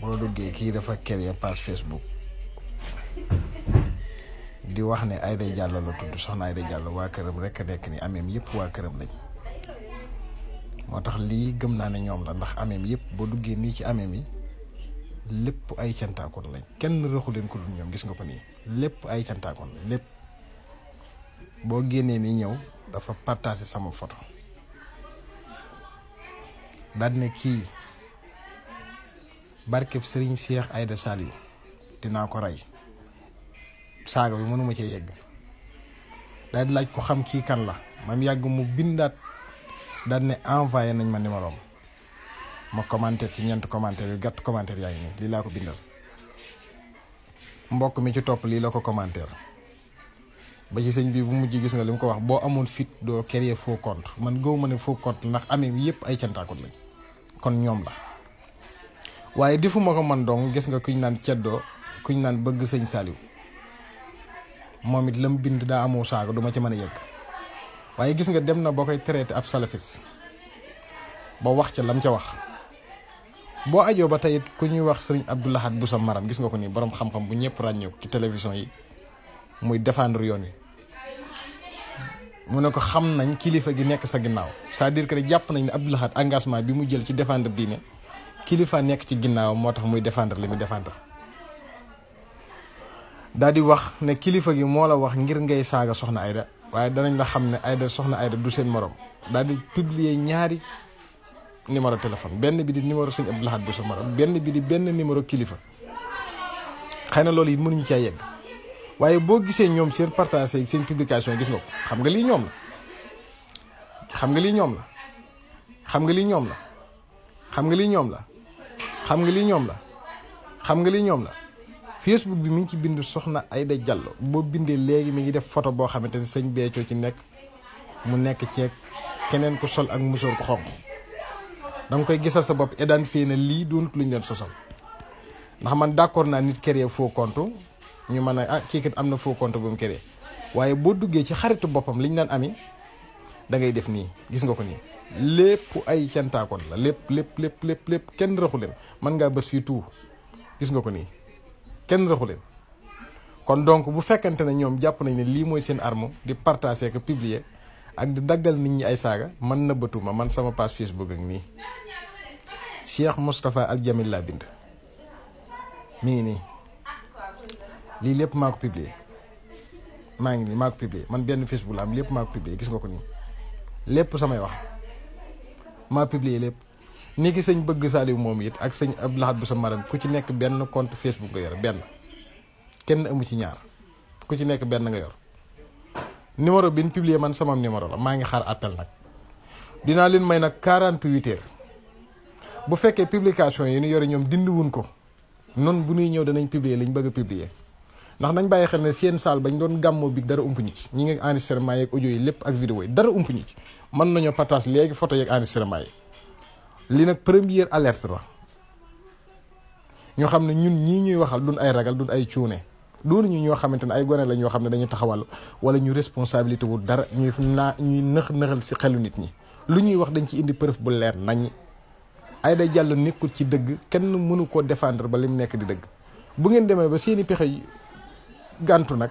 boo duggee kii dafa créer page Facebook di wax ne Aïda Diallo la tudd soxna Aïda Diallo waa këram rekk a nekk ni ameem yëpp waa këram lañ moo tax lii gëm naa ne ñoom la ndax ameem yëpp boo duggee nii ci ameem yi lépp ay cantaakoon lañ kenn rëxu leen ku dul ñoom gis nga ko nii lépp ay cantaakoon lépp. boo génnee ni ñëw dafa partagé sama photo daal ne kii barkeb sëriñ Cheikh Aïda Saliou dinaa ko rey saaga bi mënuma cee yegg daal di laaj ko xam kii kan la mam yàgg mu bindaat daal ne envoyé nañ ma numéro ma commentaire ci ñeent commentaire yu gàtt commentaire yaa ngi nii lii laa ko bindal mbokk mi ci topp lii la ko commentaire ba ci sëñ bi bu mujj gis nga li mu ko wax boo amoon fit doo créer faux compte man gëw ma ne faux compte ndax amee yëpp ay cantaakon lañ kon ñoom la waaye defuma ko man dong gis nga kuñ naan ceddoo kuñ naan bëgg sëñ Saliou moom it la mu bind daa amoo saaga duma ci mën a yegg waaye gis nga dem na ba koy traité ab salafis ba wax ca mu ca wax boo ajoo ba tey ku ñuy wax sëriñ Abdou Lahad bu sa maram gis nga ko nii borom xam-xam bu ñëpp ràññeeku ci télévision yi muy défendre yoon wi mu ne ko xam nañ kilifa gi nekk sa ginnaaw sa à dire que jàpp nañ ne Abdou Lahad engagement bi mu jël ci défendre diine kilifa nekk ci ginnaaw moo tax muy défendre li muy défendre. daal di wax ne kilifa gi moo la wax ngir ngay saaga soxna Ayda waaye danañ la xam ne Ayda soxna Ayda du seen morom daal di ñaari numéro téléphone benn bi di numéro sëñ Abdou Lahad bu sa morom benn bi di benn numéro kilifa xëy na loolu yi mënuñ cee yegg. waaye boo gisee ñoom seen partage ak seen publication gis nga ko xam nga lii ñoom la xam nga lii ñoom la xam nga lii ñoom la xam nga lii ñoom la xam nga lii ñoom la xam nga lii ñoom la Facebook bi mu ngi ci bind soxna Aida Diallo boo bindee léegi mi ngi def photo boo xamante ni sëñ Béthio ci nekk mu nekk ceeg keneen ku sol ak musóor ko xonq danga koy gisal sa bopp identifié na lii doonut luñ leen sosal ndax man d'accord naa nit créer faux compte ñu mën a ah kii kat am na faux compte bu mu créé waaye boo duggee ci xaritu boppam li ñu daan amee da ngay def nii gis nga ko nii lépp ay cantaakoon la lépp lépp lépp lépp lépp kenn raxu leen mën ngaa bës fii tout gis nga ko nii kenn raxu leen kon donc bu fekkante ne ñoom jàpp nañ ne lii mooy seen arme di partager ko piblier ak di daggal nit ñi ay saaga man na bëtuma man sama page Facebook ak nii Cheikh Moustapha Al Jamil laa bind mi ngi nii. lii lépp maa ko publier maa ngi nii maa ko publier man benn Facebook la am lépp maa ko publier gis nga ko nii lépp samay wax maa publier lépp néegi ki sëñ bëgg Saliou moom it ak sañ ab Lahad bu sa maram ku ci nekk benn compte Facebook nga yor benn kenn amu ci ñaar ku ci nekk benn nga yor numéro bi ñu publier man sama numéro la maa ngi xaar appel nag dinaa leen may nag 48 heures bu fekkee publication yi ñu yore ñoom dindiwuñ ko noonu bu ñuy ñëw danañ publier liñ bëgg a publier ndax nañ bàyyi xel ne seen saal bañ doon gàmmoo bi dara ump ñi ci ñi ngi enregistrement yeeg audio yi lépp ak vidéo yi dara ump ñi ci mën nañoo partage léegi photo yeeg enregistrement yi nag première alerte la ñoo xam ne ñun ñii ñuy waxal duñ ay ragal duñ ay cuune doonu ñu ñoo xamante ne ay gone la ñoo xam ne dañuy taxawal wala ñu responsabilité wu dara ñuy naa ñuy nëx nëxal si xelu nit ñi lu ñuy wax dañ ci indi preuve bu leer nañ ay day jàll nekkul ci dëgg kenn mënu koo défendre ba lim nekk di dëgg bu ngeen demee ba seeni pexe gàntu nag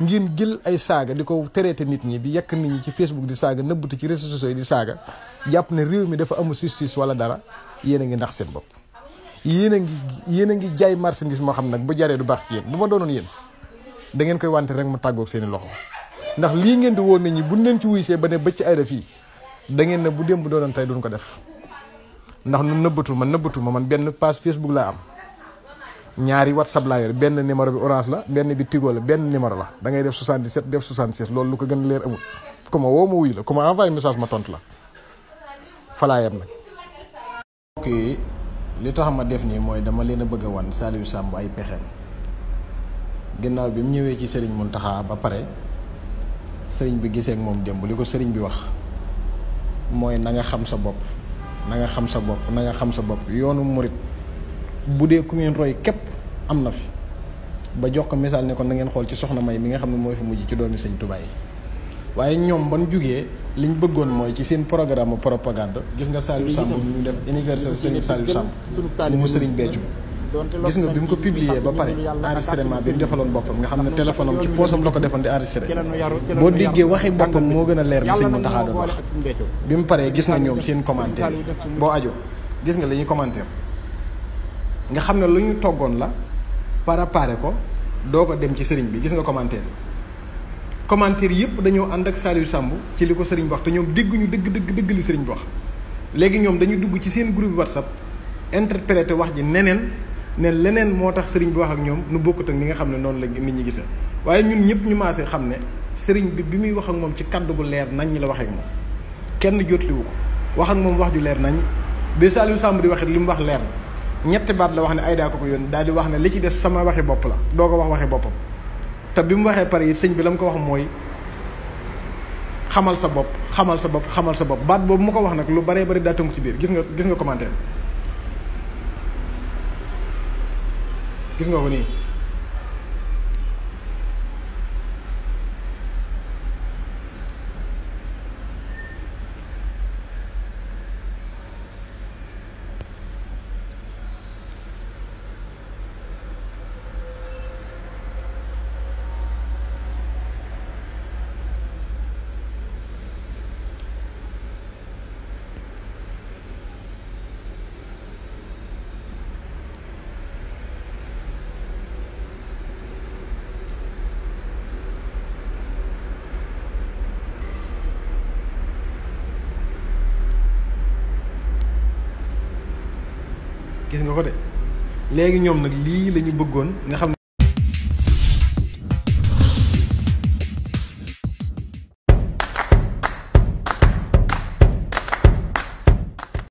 ngeen jël ay saaga di ko traité nit ñi di yekk nit ñi ci Facebook di saaga nëbbutu ci réseaux sociaux yi di saaga jàpp ne réew mi dafa amu amul justice wala dara yéen a ngi ndax seen bopp. yéen a ngi yéen a ngi jaay marchandise moo xam nag bu jaree du baax ci yéen bu ma doonoon yéen da ngeen koy wante rek mu tàggoog seen i loxo ndax lii ngeen di woon nit ñi buñ leen ci wuy see ba ne bëcc ay def fii da ngeen ne bu démb doonoon tey duñ ko def ndax nu nëbbatu ma nëbbatu man benn page Facebook laa am. ñaari wat laa benn numéro bi orange la benn bi tigo la benn numéro la da ngay def 77 def 76 loolu lu ko gën a leer amul ku ma woo ma wuyu la ku ma envoyé message ma tontu la fa nag. mbokk yi li tax ma def nii mooy dama leen a bëgg a wan Saliou Samb ay pexeem ginnaaw bi mu ñëwee ci sëriñ taxa ba pare sëriñ bi giseek moom démb li ko sëriñ bi wax mooy na nga xam sa bopp na nga xam sa bopp na nga xam sa bopp yoonu murit. bu dee ku ngeen roy képp am na fi ba jox ko misaal ne ko na ngeen xool ci soxna May mi nga xam ne mooy fi mujj ci doomi sëñ Tuubaa yi waaye ñoom ban jugee liñ bëggoon mooy ci seen programme propagande gis nga Saliou Samb ñu def anniversaire sëñ Saliou Samb mu sëriñ Béthio gis nga bi mu ko publier ba pare enregistrement bi mu defaloon boppam nga xam ne téléphone am ci poosam la ko defoon di enregistré boo déggee waxi boppam moo gën a leer li sëñ Mountakha doon wax bi mu paree gis nga ñoom la ñuy commentaire nga xam ne lu ñu toggoon la préparé ko doo ko dem ci sëriñ bi gis nga commentaire yi commentaire yëpp dañoo ànd ak Saliou Samb ci li ko sëriñ bi wax te ñoom dégguñu dëgg dëgg dëgg li sëriñ bi wax léegi ñoom dañu dugg ci seen groupe WhatsApp interprété wax ji neneen ne leneen moo tax sëriñ bi wax ak ñoom nu bokkut ak ni nga xam ne noonu la nit ñi gisa waaye ñun ñëpp ñu maase xam ne sëriñ bi bi muy wax ak moom ci kaddu gu leer nañ ñi la waxee ak moom kenn jotliwu ko wax moom wax ju leer nañ bi Samb di waxit li mu wax leer ñetti baat la wax ne Aida ko ko yónni daal di wax ne li ci des sama waxi bopp la doo ko wax waxi boppam te bi mu waxee pare it sëñ bi la mu ko wax mooy xamal sa bopp xamal sa bopp xamal sa bopp baat boobu mu ko wax nag lu baree bari daa tënku ci biir gis nga gis nga commentaire gis nga ko nii gis nga ko de léegi ñoom nag lii la ñu bëggoon nga xam